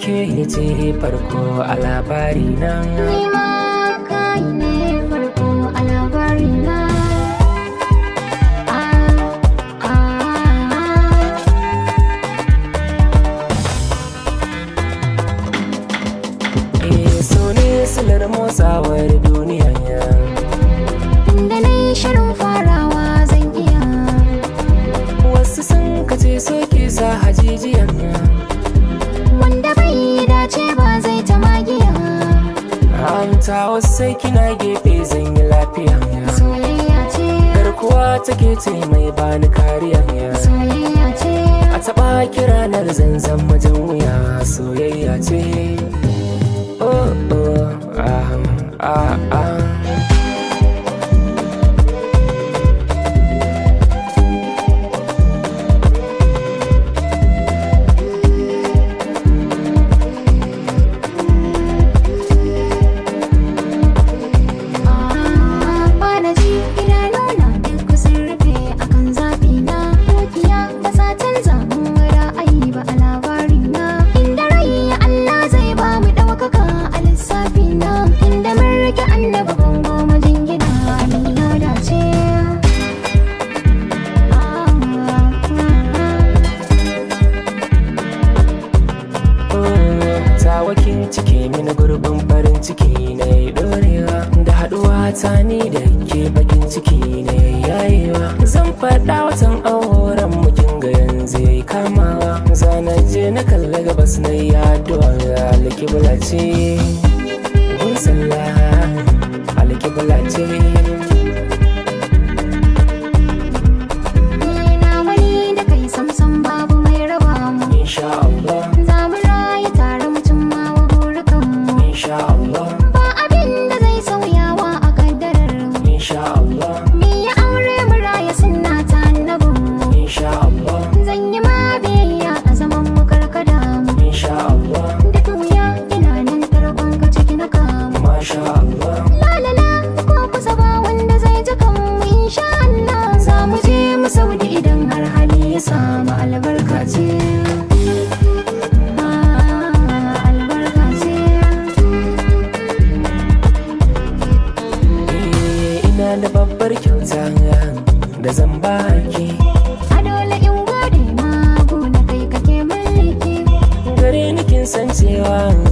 ke ce farko a labari na So ne silar motsawar duniya da na yi shirin farawa zan iya wasu sun kace ke sa hajijiyan wasu sai kina gefe zan yi lafiya garkuwa take ce mai bani kariya a taɓa kiranar zanzan majan wuya soyayya ce mini gurbin farin ciki ne dorewa da haduwa ta ni da ke bakin ciki ne yayewa zan faɗa watan auren mu ga yanzu yayi kamawa zana je na kalli gabas na yi addu'a alkibla ce gun sallah ce ya samu albarkaci eh, da babbar kyauta da zan baki a dole in gode ma na kai kake mallaki gare ni kin san cewa